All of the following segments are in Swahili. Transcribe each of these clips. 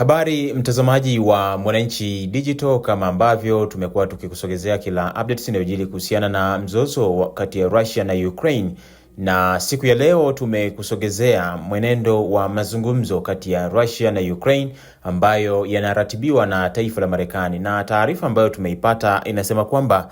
Habari mtazamaji wa Mwananchi Digital, kama ambavyo tumekuwa tukikusogezea kila updates inayojili kuhusiana na mzozo kati ya Russia na Ukraine, na siku ya leo tumekusogezea mwenendo wa mazungumzo kati ya Russia na Ukraine ambayo yanaratibiwa na taifa la Marekani, na taarifa ambayo tumeipata inasema kwamba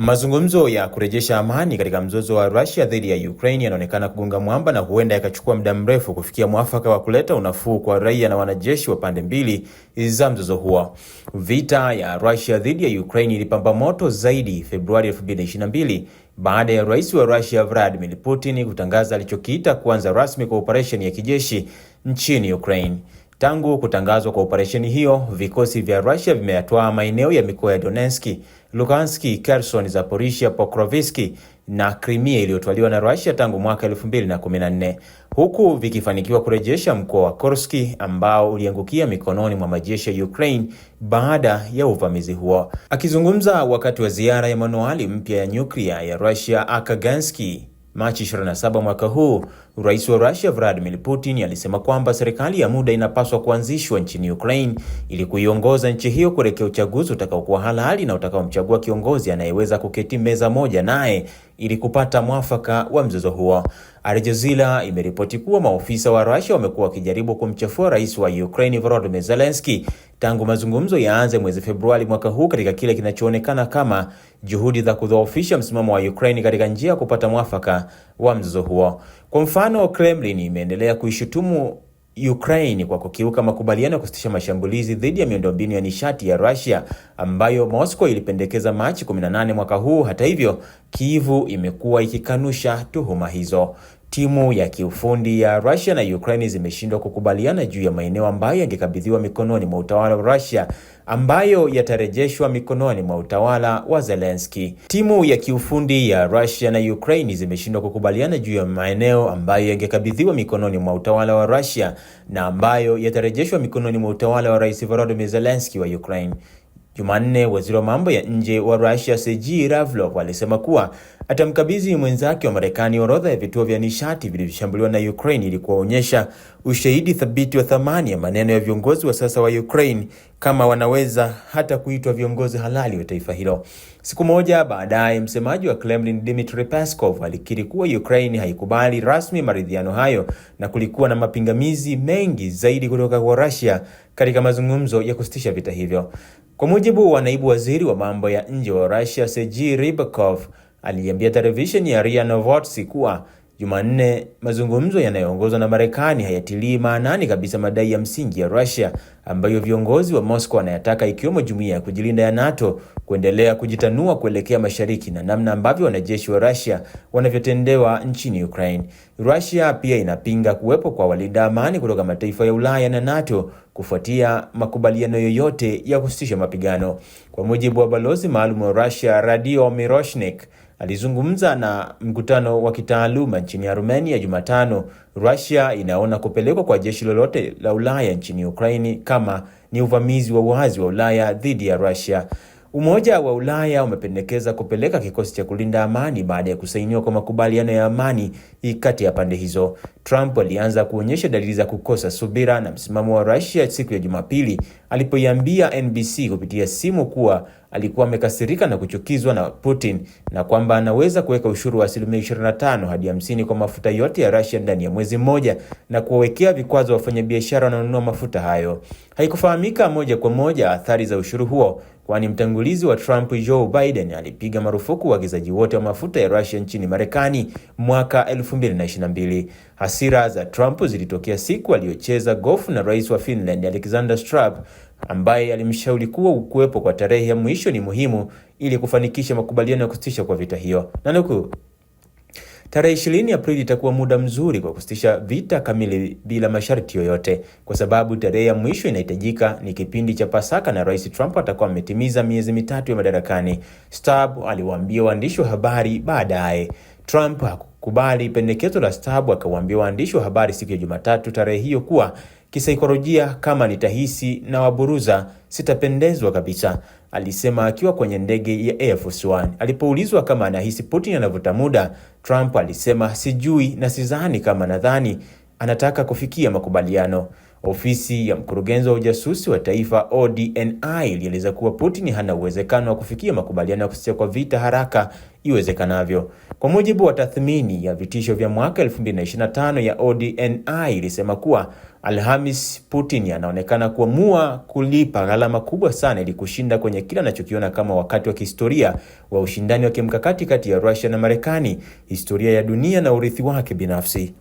Mazungumzo ya kurejesha amani katika mzozo wa Russia dhidi ya Ukraine yanaonekana kugonga mwamba na huenda yakachukua muda mrefu kufikia mwafaka wa kuleta unafuu kwa raia na wanajeshi wa pande mbili za mzozo huo. Vita ya Russia dhidi ya Ukraine ilipamba moto zaidi Februari 2022 baada ya Rais wa Russia Vladimir Putin kutangaza alichokiita kuanza rasmi kwa operesheni ya kijeshi nchini Ukraine. Tangu kutangazwa kwa operesheni hiyo, vikosi vya Russia vimeyatwaa maeneo ya mikoa ya Donetsk, Luhansk, Kherson, Zaporizhia, Pokrovsk na Crimea iliyotwaliwa na Russia tangu mwaka 2014, huku vikifanikiwa kurejesha mkoa wa Kursk ambao uliangukia mikononi mwa majeshi ya Ukraine baada ya uvamizi huo. Akizungumza wakati wa ziara ya manuali mpya ya nyuklia ya Russia Akaganski Machi 27 mwaka huu, Rais wa Russia Vladimir Putin alisema kwamba serikali ya muda inapaswa kuanzishwa nchini Ukraine ili kuiongoza nchi hiyo kuelekea uchaguzi utakaokuwa halali na utakaomchagua kiongozi anayeweza kuketi meza moja naye ili kupata mwafaka wa mzozo huo. Al Jazeera imeripoti kuwa maofisa wa Russia wamekuwa wakijaribu kumchafua Rais wa Ukraine Volodymyr Zelensky tangu mazungumzo yaanze mwezi Februari mwaka huu katika kile kinachoonekana kama juhudi za kudhoofisha msimamo wa Ukraine katika njia ya kupata mwafaka wa mzozo huo. Kwa mfano, Kremlin imeendelea kuishutumu Ukraine kwa kukiuka makubaliano ya kusitisha mashambulizi dhidi ya miundombinu ya nishati ya Russia ambayo Moscow ilipendekeza Machi 18 mwaka huu. Hata hivyo, Kyiv imekuwa ikikanusha tuhuma hizo. Timu ya kiufundi ya Russia na Ukraine zimeshindwa kukubaliana juu ya maeneo ambayo yangekabidhiwa mikononi mwa utawala wa Russia ambayo yatarejeshwa mikononi mwa utawala wa Zelensky. Timu ya kiufundi ya Russia na Ukraine zimeshindwa kukubaliana juu ya maeneo ambayo yangekabidhiwa mikononi mwa utawala wa Russia na ambayo yatarejeshwa mikononi mwa utawala wa Rais Volodymyr Zelensky wa Ukraine. Jumanne, waziri wa mambo ya nje wa Russia Sergei Lavrov alisema kuwa atamkabidhi mwenzake wa Marekani orodha ya vituo vya nishati vilivyoshambuliwa na Ukraine ili kuwaonyesha ushahidi thabiti wa thamani ya maneno ya viongozi wa sasa wa Ukraine kama wanaweza hata kuitwa viongozi halali wa taifa hilo. Siku moja baadaye, msemaji wa Kremlin Dmitry Peskov alikiri kuwa Ukraine haikubali rasmi maridhiano hayo na kulikuwa na mapingamizi mengi zaidi kutoka kwa Russia katika mazungumzo ya kusitisha vita hivyo. Kwa mujibu wa naibu waziri wa mambo ya nje wa Russia, Sergei Rybakov aliambia televisheni ya RIA Novosti kuwa Jumanne, mazungumzo yanayoongozwa na Marekani hayatilii maanani kabisa madai ya msingi ya Russia ambayo viongozi wa Moscow wanayataka ikiwemo jumuiya ya kujilinda ya NATO kuendelea kujitanua kuelekea mashariki na namna ambavyo wanajeshi wa Russia wanavyotendewa nchini Ukraine. Russia pia inapinga kuwepo kwa walinda amani kutoka mataifa ya Ulaya na NATO kufuatia makubaliano yoyote ya kusitisha mapigano. Kwa mujibu wa balozi maalum wa Russia, Radio Miroshnik, alizungumza na mkutano wa kitaaluma nchini Armenia Jumatano Russia inaona kupelekwa kwa jeshi lolote la Ulaya nchini Ukraini kama ni uvamizi wa wazi wa Ulaya dhidi ya Russia. Umoja wa Ulaya umependekeza kupeleka kikosi cha kulinda amani baada ya kusainiwa kwa makubaliano ya amani kati ya pande hizo. Trump alianza kuonyesha dalili za kukosa subira na msimamo wa Russia siku ya Jumapili alipoiambia NBC kupitia simu kuwa alikuwa amekasirika na kuchukizwa na Putin na kwamba anaweza kuweka ushuru wa asilimia 25 hadi 50 kwa mafuta yote ya Russia ndani ya mwezi mmoja na kuwawekea vikwazo wafanyabiashara wanaonunua mafuta hayo. Haikufahamika moja kwa moja athari za ushuru huo, kwani mtangulizi wa Trump, Joe Biden, alipiga marufuku uagizaji wote wa mafuta ya Russia nchini Marekani mwaka 2022. Hasira za Trump zilitokea siku aliyocheza gofu na rais wa Finland, Alexander Stubb ambaye alimshauri kuwa kuwepo kwa tarehe ya mwisho ni muhimu ili kufanikisha makubaliano ya kusitisha kwa vita hiyo. Nanuku, tarehe 20 Aprili itakuwa muda mzuri kwa kusitisha vita kamili bila masharti yoyote, kwa sababu tarehe ya mwisho inahitajika ni kipindi cha Pasaka na Rais Trump atakuwa ametimiza miezi mitatu ya madarakani, Stab aliwaambia waandishi wa habari baadaye. Trump haku kubali pendekezo la Stabu. Akawaambia waandishi wa habari siku ya Jumatatu tarehe hiyo kuwa kisaikolojia, kama nitahisi na waburuza, sitapendezwa kabisa, alisema akiwa kwenye ndege ya Air Force One. Alipoulizwa kama anahisi Putin anavuta muda, Trump alisema sijui na sidhani, kama nadhani anataka kufikia makubaliano. Ofisi ya mkurugenzi wa ujasusi wa taifa ODNI ilieleza kuwa Putin hana uwezekano wa kufikia makubaliano ya kusitisha kwa vita haraka iwezekanavyo. Kwa mujibu wa tathmini ya vitisho vya mwaka 2025 ya ODNI ilisema kuwa Alhamis, Putin anaonekana kuamua kulipa gharama kubwa sana ili kushinda kwenye kile anachokiona kama wakati wa kihistoria wa ushindani wa kimkakati kati ya Russia na Marekani, historia ya dunia na urithi wake binafsi.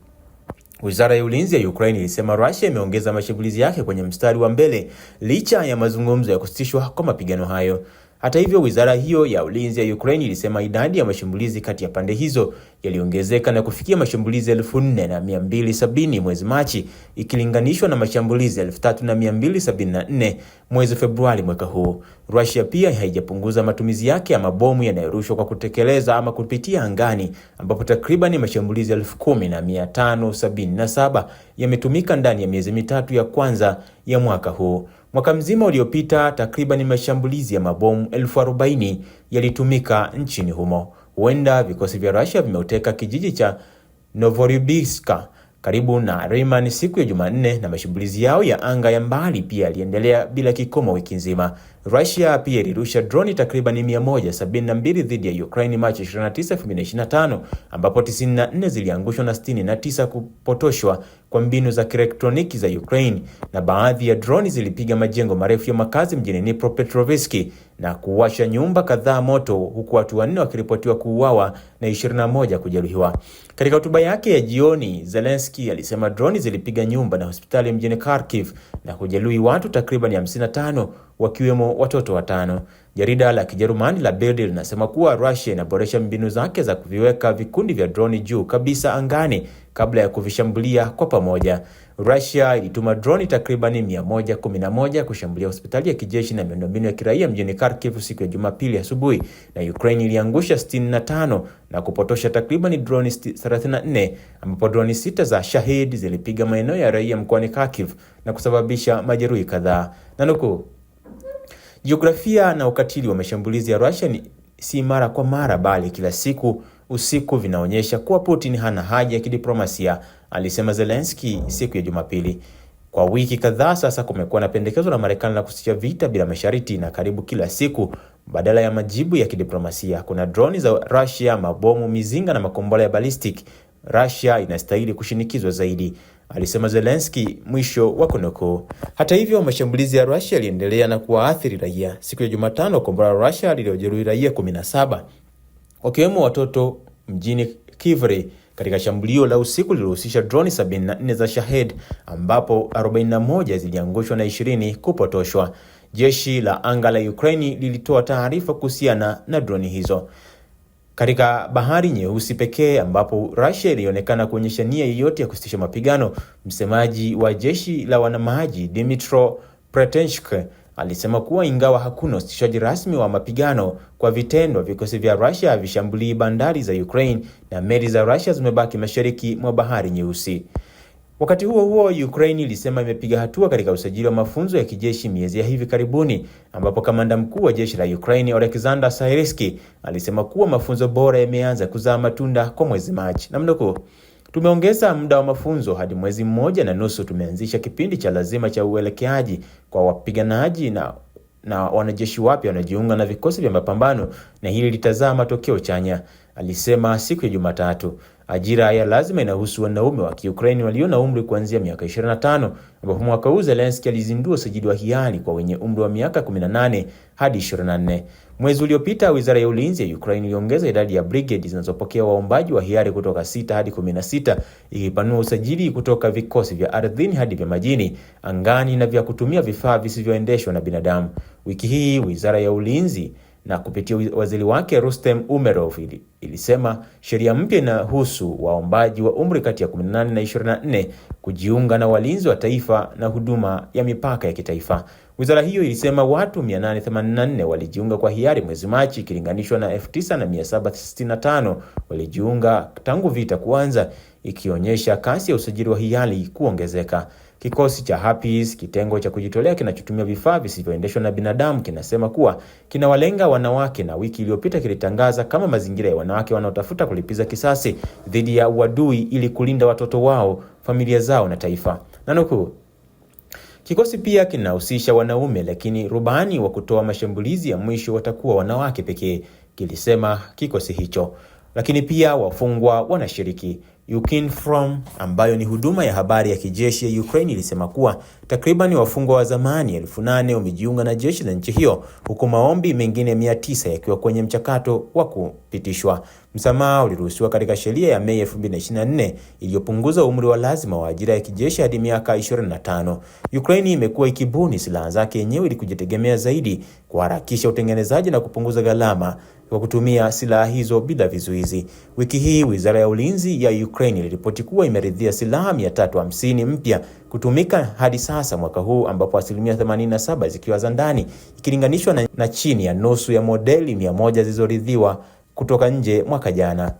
Wizara ya Ulinzi ya Ukraine ilisema Russia imeongeza mashambulizi yake kwenye mstari wa mbele licha ya mazungumzo ya kusitishwa kwa mapigano hayo. Hata hivyo, wizara hiyo ya ulinzi ya Ukraine ilisema idadi ya mashambulizi kati ya pande hizo yaliongezeka na kufikia mashambulizi 4270 mwezi Machi ikilinganishwa na mashambulizi 3274 mwezi Februari mwaka huu. Russia pia haijapunguza matumizi yake ya mabomu yanayorushwa kwa kutekeleza ama kupitia angani ambapo takriban mashambulizi 10,577 yametumika ndani ya miezi mitatu ya kwanza ya mwaka huu. Mwaka mzima uliopita, takriban mashambulizi ya mabomu elfu yalitumika nchini humo. Huenda vikosi vya Russia vimeuteka kijiji cha Novorodiska karibu na Riman siku ya Jumanne na mashambulizi yao ya anga ya mbali pia yaliendelea bila kikomo wiki nzima. Russia pia ilirusha droni takriban 172 dhidi ya Ukraine Machi 29, 2025 ambapo 94 ziliangushwa na 69 kupotoshwa kwa mbinu za kielektroniki za Ukraine, na baadhi ya droni zilipiga majengo marefu ya makazi mjini Dnipropetrovsk na kuwasha nyumba kadhaa moto, huku watu wanne wakiripotiwa kuuawa na 21 kujeruhiwa. Katika hotuba yake ya jioni, Zelensky alisema droni zilipiga nyumba na hospitali mjini Kharkiv na kujeruhi watu takriban 55 wakiwemo watoto watano. Jarida la Kijerumani la Bild linasema kuwa Russia inaboresha mbinu zake za kuviweka vikundi vya droni juu kabisa angani kabla ya kuvishambulia kwa pamoja. Russia ilituma droni takribani 111 kushambulia hospitali ya kijeshi na miundombinu ya kiraia mjini Kharkiv siku ya Jumapili asubuhi, na Ukraine iliangusha 65 na kupotosha takriban droni 34, ambapo droni sita za Shahid zilipiga maeneo ya raia mkoani Kharkiv na kusababisha majeruhi kadhaa. Nanukuu, Jiografia na ukatili wa mashambulizi ya Russia ni si mara kwa mara bali kila siku usiku vinaonyesha kuwa Putin hana haja ya kidiplomasia, alisema Zelensky siku ya Jumapili. Kwa wiki kadhaa sasa kumekuwa na pendekezo la Marekani la kusitisha vita bila masharti, na karibu kila siku badala ya majibu ya kidiplomasia kuna droni za Russia, mabomu, mizinga na makombora ya ballistic. Russia inastahili kushinikizwa zaidi alisema Zelensky, mwisho wa kunukuu. Hata hivyo, mashambulizi ya Russia yaliendelea na kuwaathiri raia. Siku ya Jumatano, kombora la Russia liliojeruhi raia 17 wakiwemo watoto mjini Kivri katika shambulio la usiku lililohusisha droni 74 za Shahed ambapo 41 ziliangushwa na 20 kupotoshwa. Jeshi la anga la Ukraini lilitoa taarifa kuhusiana na droni hizo katika Bahari Nyeusi pekee ambapo Russia ilionekana kuonyesha nia yoyote ya kusitisha mapigano. Msemaji wa jeshi la wanamaji Dmytro Pratenchuk alisema kuwa ingawa hakuna usitishaji rasmi wa mapigano, kwa vitendo vikosi vya Russia havishambulii bandari za Ukraine na meli za Russia zimebaki mashariki mwa Bahari Nyeusi. Wakati huo huo, Ukraine ilisema imepiga hatua katika usajili wa mafunzo ya kijeshi miezi ya hivi karibuni, ambapo kamanda mkuu wa jeshi la Ukraine Oleksandr Syrskyi alisema kuwa mafunzo bora yameanza kuzaa matunda kwa mwezi Machi. Namnukuu, tumeongeza muda wa mafunzo hadi mwezi mmoja na nusu. Tumeanzisha kipindi cha lazima cha uelekeaji kwa wapiganaji na na wanajeshi wapya wanajiunga na vikosi vya mapambano, na hili litazaa matokeo chanya alisema siku ya Jumatatu. Ajira ya lazima inahusu wanaume wa Kiukraini walio na umri kuanzia miaka 25, ambapo mwaka huu Zelensky alizindua usajili wa hiari kwa wenye umri wa miaka 18 hadi 24. Mwezi uliopita, wizara ya ulinzi ya Ukraine iliongeza idadi ya brigade zinazopokea waombaji wa hiari kutoka 6 hadi 16, ikipanua usajili kutoka vikosi vya ardhini hadi vya majini, angani na vya kutumia vifaa visivyoendeshwa na binadamu. Wiki hii wizara ya ulinzi na kupitia waziri wake Rustem Umerov ili, ilisema sheria mpya inahusu waombaji wa umri kati ya 18 na 24 kujiunga na walinzi wa taifa na huduma ya mipaka ya kitaifa. Wizara hiyo ilisema watu 884 walijiunga kwa hiari mwezi Machi ikilinganishwa na 9765 walijiunga tangu vita kuanza, ikionyesha kasi ya usajili wa hiari kuongezeka. Kikosi cha Happies, kitengo cha kujitolea kinachotumia vifaa visivyoendeshwa na binadamu, kinasema kuwa kinawalenga wanawake na wiki iliyopita kilitangaza kama mazingira ya wanawake wanaotafuta kulipiza kisasi dhidi ya uadui ili kulinda watoto wao, familia zao na taifa. Nanukuu, Kikosi pia kinahusisha wanaume lakini rubani wa kutoa mashambulizi ya mwisho watakuwa wanawake pekee, kilisema kikosi hicho. Lakini pia wafungwa wanashiriki. Ukrinform ambayo ni huduma ya habari ya kijeshi ya Ukraine ilisema kuwa takriban wafungwa wa zamani elfu nane wamejiunga na jeshi la nchi hiyo huku maombi mengine mia tisa yakiwa kwenye mchakato wa ku kupitishwa. Msamaha uliruhusiwa katika sheria ya Mei 2024 iliyopunguza umri wa lazima wa ajira ya kijeshi hadi miaka 25. Ukraine imekuwa ikibuni silaha zake yenyewe ili kujitegemea zaidi, kuharakisha utengenezaji na kupunguza gharama kwa kutumia silaha hizo bila vizuizi. Wiki hii wizara ya ulinzi ya Ukraine iliripoti kuwa imeridhia silaha 350 mpya kutumika hadi sasa mwaka huu, ambapo asilimia 87 zikiwa za ndani ikilinganishwa na, na chini ya nusu ya modeli 100 zilizoridhiwa kutoka nje mwaka jana.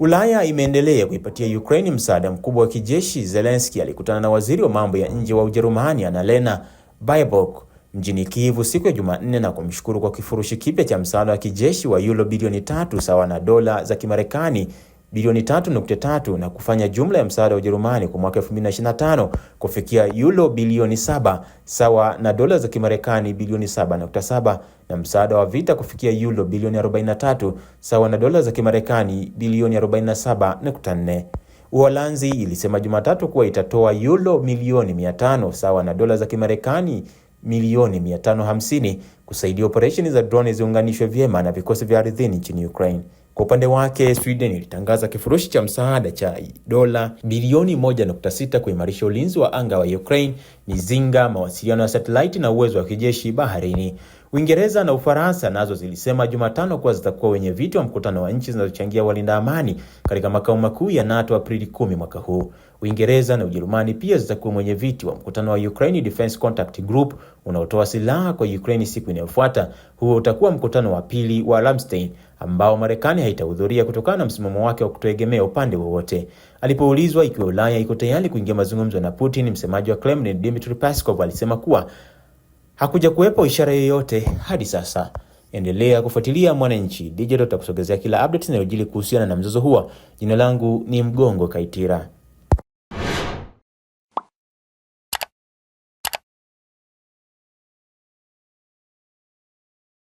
Ulaya imeendelea kuipatia Ukraine msaada mkubwa wa kijeshi. Zelensky alikutana na waziri wa mambo ya nje wa Ujerumani Annalena Baerbock mjini Kyiv siku ya Jumanne na kumshukuru kwa kifurushi kipya cha msaada wa kijeshi wa euro bilioni tatu sawa na dola za Kimarekani bilioni 3.3 na kufanya jumla ya msaada wa Ujerumani kwa mwaka 2025 kufikia euro bilioni 7 sawa na dola za Kimarekani bilioni 7.7 na msaada wa vita kufikia euro bilioni 43 sawa na dola za Kimarekani bilioni 47.4. Uholanzi ilisema Jumatatu kuwa itatoa euro milioni 500 sawa na dola za Kimarekani milioni 550 kusaidia operesheni za drone ziunganishwe vyema na vikosi vya ardhini nchini Ukraine. Kwa upande wake, Sweden ilitangaza kifurushi cha msaada cha dola bilioni 1.6 kuimarisha ulinzi wa anga wa Ukraine mizinga, mawasiliano ya satelaiti na uwezo wa kijeshi baharini. Uingereza na Ufaransa nazo zilisema Jumatano kuwa zitakuwa wenye viti wa mkutano wa nchi zinazochangia walinda amani katika makao makuu ya NATO Aprili 10 mwaka huu. Uingereza na Ujerumani pia zitakuwa mwenye viti wa mkutano wa Ukraine Defense Contact Group unaotoa silaha kwa Ukraine siku inayofuata. Huo utakuwa mkutano wa pili wa Ramstein ambao Marekani haitahudhuria kutokana na msimamo wake wa kutoegemea upande wowote. Alipoulizwa ikiwa Ulaya iko tayari kuingia mazungumzo na Putin, msemaji wa Kremlin Dmitry Peskov alisema kuwa hakuja kuwepo ishara yoyote hadi sasa. Endelea kufuatilia Mwananchi Digital, takusogezea kila update inayojili kuhusiana na mzozo huo. Jina langu ni Mgongo Kaitira.